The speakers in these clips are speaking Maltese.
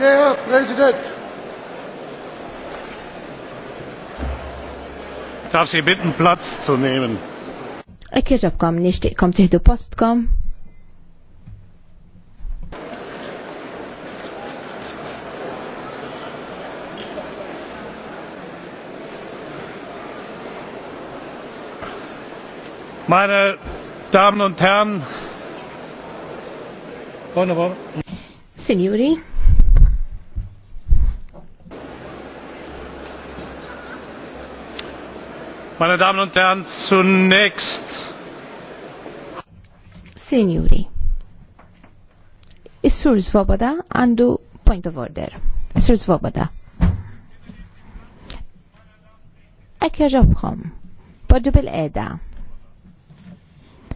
Der Präsident. Darf Sie bitten, Platz zu nehmen. Ek jaġabkom nixtieqkom tieħdu postkom. Meine Damen und Herren, Signori, Meine Damen und Herren, zunächst. Signori, Is-Sur Svoboda għandu point of order. Is-Sur Svoboda. Ek jaġobħom, podġu bil-eda.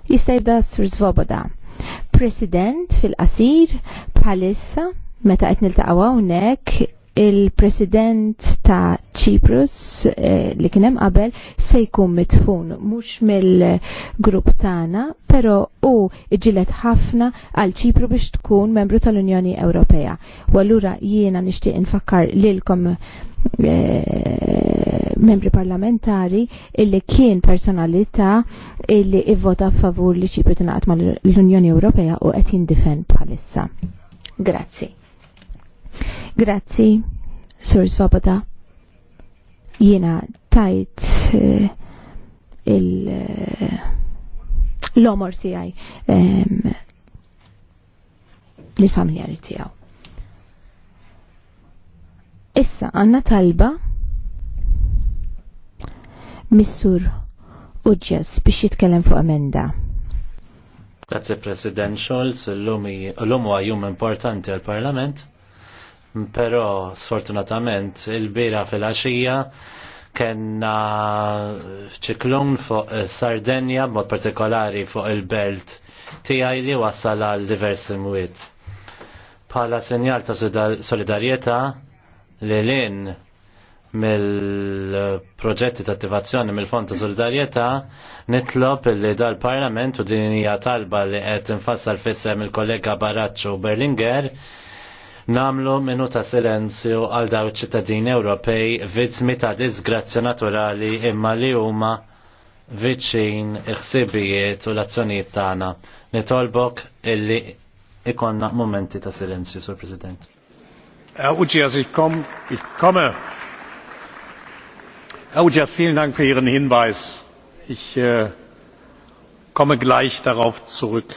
Jistajbda jibda Sur Svoboda. President fil-qasir bħalissa meta qed niltaqgħu hawnhekk il-President ta' Ċiprus li eh, li kienem qabel se jkun mitfun mhux mill-grupp tagħna, però u iġilet ħafna għal Ċipru biex tkun membru tal-Unjoni Ewropea. U allura jiena nixtieq infakkar lilkom eh, membri parlamentari illi kien personalità illi ivvota favur li ċipru tingħaqad mal-Unjoni Ewropea u qed jindifend bħalissa. Grazzi. Grazzi, Sur Svoboda. Jiena tajt eh, il eh, l-omor tijaj eh, li familjari tijaw. Issa, għanna talba missur uġġas biex jitkellem fuq emenda. Grazie President Scholz, l omu għajum jum importanti għal-Parlament Pero sfortunatament il-bira fil axija kena ċiklun fuq eh, Sardenja b'mod partikolari fuq il-belt tiegħi li wassal għal diversi mwiet. Bħala sinjal ta' solidarjetà li lin mill-proġetti ta' attivazzjoni mill-Fond ta' Solidarjetà nitlob li dal-Parlament u din hija talba li qed infassal fissem il-kollega Baraccio Berlinger namlu minu ta' silenzju għal daw ċittadini Ewropej vittmi ta' disgrazzja naturali imma li huma viċin iħsibijiet u l-azzjonijiet tagħna. Nitolbok illi ikonna momenti ta' silenzju, Sur President. Uġias ikkom, ikkomme. Uġias, vielen Dank für Ihren Hinweis. Ich äh, komme gleich darauf zurück.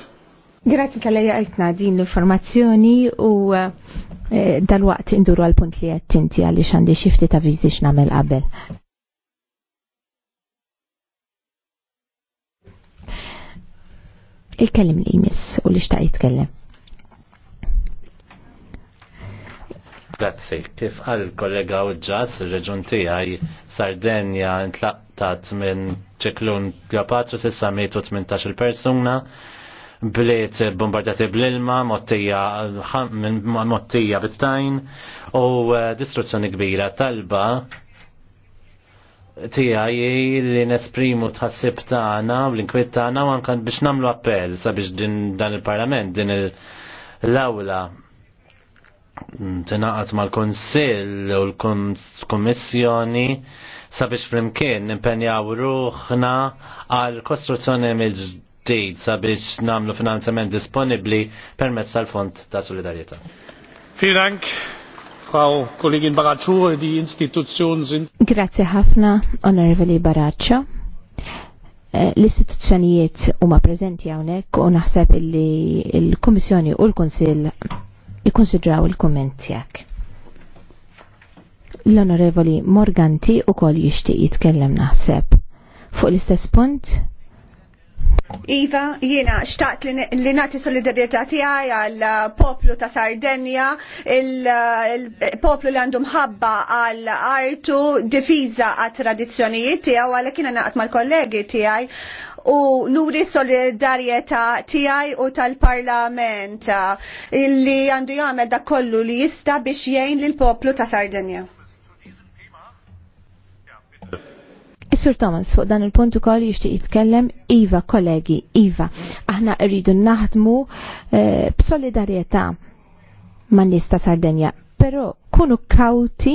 Grazzi tal-li għaltna din l-informazzjoni u eh, dal-waqt induru għal-punt li għattinti għalli xandi xifti ta' vizi x'namel qabel. Il-kellim li jmiss u li xtaq jitkellem. Grazzi, kif għal kollega u ġas, reġun tijaj, Sardenja intlaqtat minn ċeklun Kleopatra, sissa il persuna, bliet bombardati bl-ilma, mottija bittajn bit-tajn u eh, distruzzjoni kbira talba tijaj li nesprimu tħassib tagħna u l-inkwiet tagħna u anke biex nagħmlu appell sabiex din dan il-Parlament, din l-awla tingħaqad mal-Kunsill u l-Kummissjoni sabiex flimkien nimpenjaw ruħna għal kostruzzjoni mill ġdid sabiex namlu finanzjament disponibli permezz tal-Fond ta' Solidarjetà. Fidank, Frau Kollegin Baraccio, di Institutionen sind. Grazie ħafna, Onorevoli Baraccio. Eh, l-istituzzjonijiet huma preżenti hawnhekk u naħseb li l-Kummissjoni u l-Kunsill ikkonsidraw il-kumment tiegħek. L-Onorevoli Morganti u kol jixtieq jitkellem naħseb. Fuq l-istess punt, Iva, jiena xtaqt li nati solidarieta tiegħi għal poplu ta' Sardenja, il-poplu li għandu mħabba għal artu difiża għat tradizzjonijiet tiegħu għalhekk jiena naqgħod mal-kollegi tiegħi u nuri solidarieta tiegħi u tal-Parlament illi għandu jagħmel dak kollu li jista' biex jgħin lill poplu ta' Sardenja. Is-Sur Thomas fuq dan il-punt ukoll jixtieq jitkellem iva kollegi, iva. Aħna rridu naħdmu eh, b'solidarjetà man nies ta' Sardenja, però kunu kawti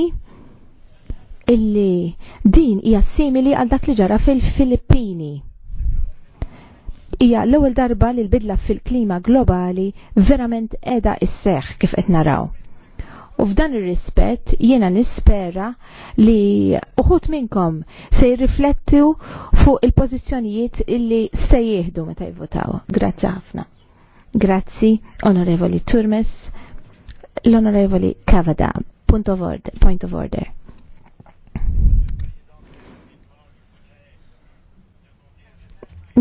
illi din hija simili għal dak li ġara fil-Filippini. Hija l-ewwel darba li l-bidla fil-klima globali verament qiegħda isseħħ kif qed naraw U f'dan ir-rispett jiena nispera li uħut minnkom se jirriflettu fuq il-pożizzjonijiet illi se jieħdu meta jivvotaw. Grazzi ħafna. Grazzi, Onorevoli Turmes, l-Onorevoli Kavada. Point of order. Point of order.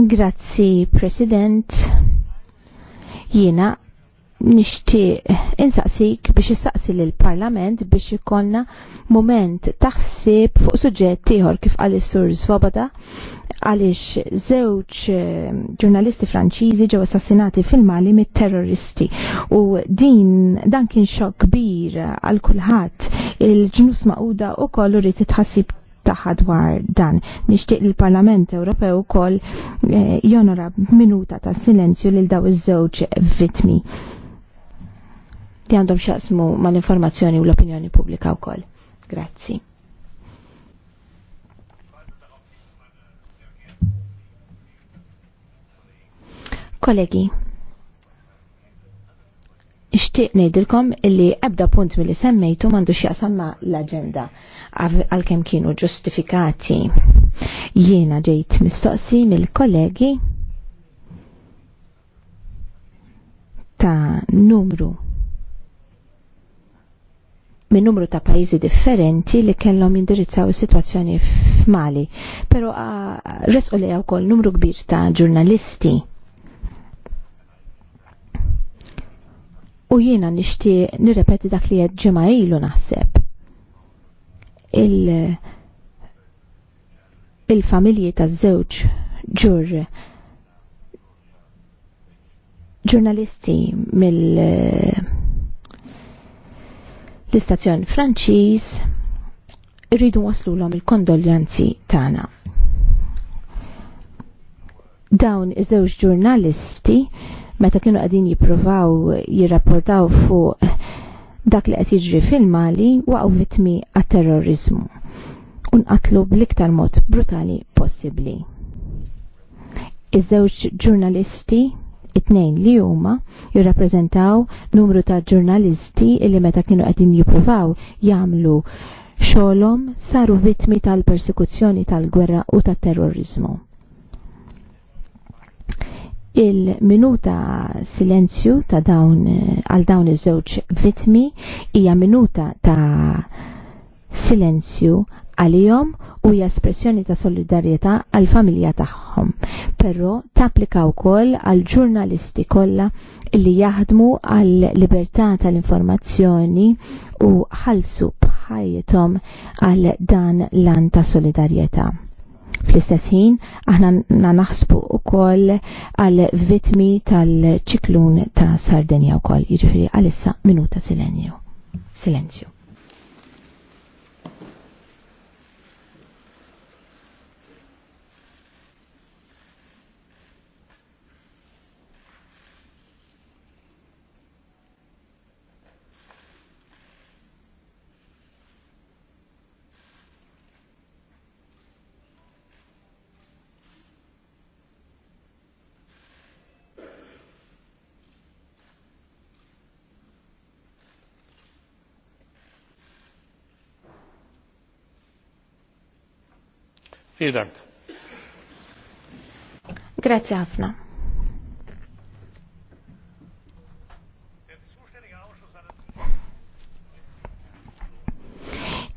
Grazzi, President. Jiena nixtieq insaqsik biex issaqsi lill parlament biex ikollna moment taħsib fuq suġġett ieħor kif qal is-sur Svoboda għaliex żewġ ehm, ġurnalisti Franċiżi ġew assassinati fil-Mali mit-terroristi u din dan kien xokk kbir għal kulħadd il-ġnus maquda u kollu rrid titħassib taħħa dwar dan. Nixtieq il-Parlament Ewropew ukoll eh, jonora minuta ta' silenzju lil daw iż-żewġ vittmi li għandhom xaqsmu mal-informazzjoni u l-opinjoni pubblika wkoll. Grazzi. Kollegi, ixtieq ngħidilkom illi ebda punt milli semmejtu m'għandu x'jaqsam ma' l-aġenda għalkemm kienu ġustifikati. Jiena ġejt mistoqsi mill-kollegi ta' numru minn numru ta' pajjiżi differenti li kellhom jindirizzaw is-sitwazzjoni f'Mali. Però resqu lejha wkoll numru kbir ta' ġurnalisti. U jiena nixtieq nirrepeti dak li qed ġimgħa ilu naħseb. Il il-familji taż-żewġ ġur ġurnalisti mill l-istazzjon Franċiż irridu waslu l-om il-kondoljanzi tagħna. Dawn iż-żewġ ġurnalisti meta kienu qegħdin jippruvaw jirrapportaw fuq dak li qed jiġri fil-Mali waqgħu vittmi għat-terrorizmu u nqatlu bl-iktar mod brutali possibbli. Iż-żewġ ġurnalisti it-tnejn li huma jirrappreżentaw numru ta' ġurnalisti li meta kienu qegħdin jippruvaw jagħmlu xogħolhom saru vittmi tal-persekuzzjoni tal-gwerra u tat-terrorizmu. Il-minuta silenzju ta' dawn għal dawn iż-żewġ vittmi hija minuta ta' silenzju għalihom u hija espressjoni ta' solidarjetà għal familja tagħhom. Però tapplika wkoll għal ġurnalisti kollha li jaħdmu għal libertà tal-informazzjoni u ħalsu bħajjithom għal dan lan ta' solidarjetà. Fl-istess ħin, aħna naħsbu wkoll għal vitmi tal-ċiklun ta' Sardenja wkoll, jiġifieri għalissa minuta silenzju. Silenzju. Vielen Grazie ħafna.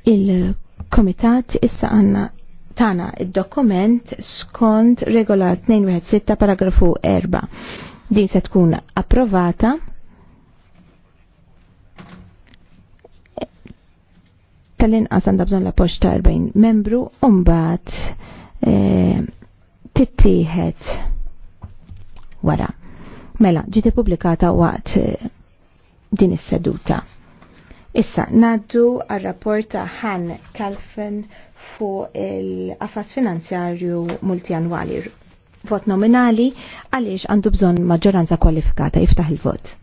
Il-Komitat issa għanna tana il dokument skont regola 216 paragrafu 4. Din se tkun approvata tal-inqas għandha bżonn l-appoġġ ta' 40 membru u mbagħad eh, tittieħed wara. Mela, ġiet ippubblikata waqt eh, din is-seduta. Issa, naddu għal-rapport ta' Han Kalfen fuq il-qafas finanzjarju multianwali. Vot nominali għaliex għandu bżon maġġoranza kwalifikata jiftaħ il-vot.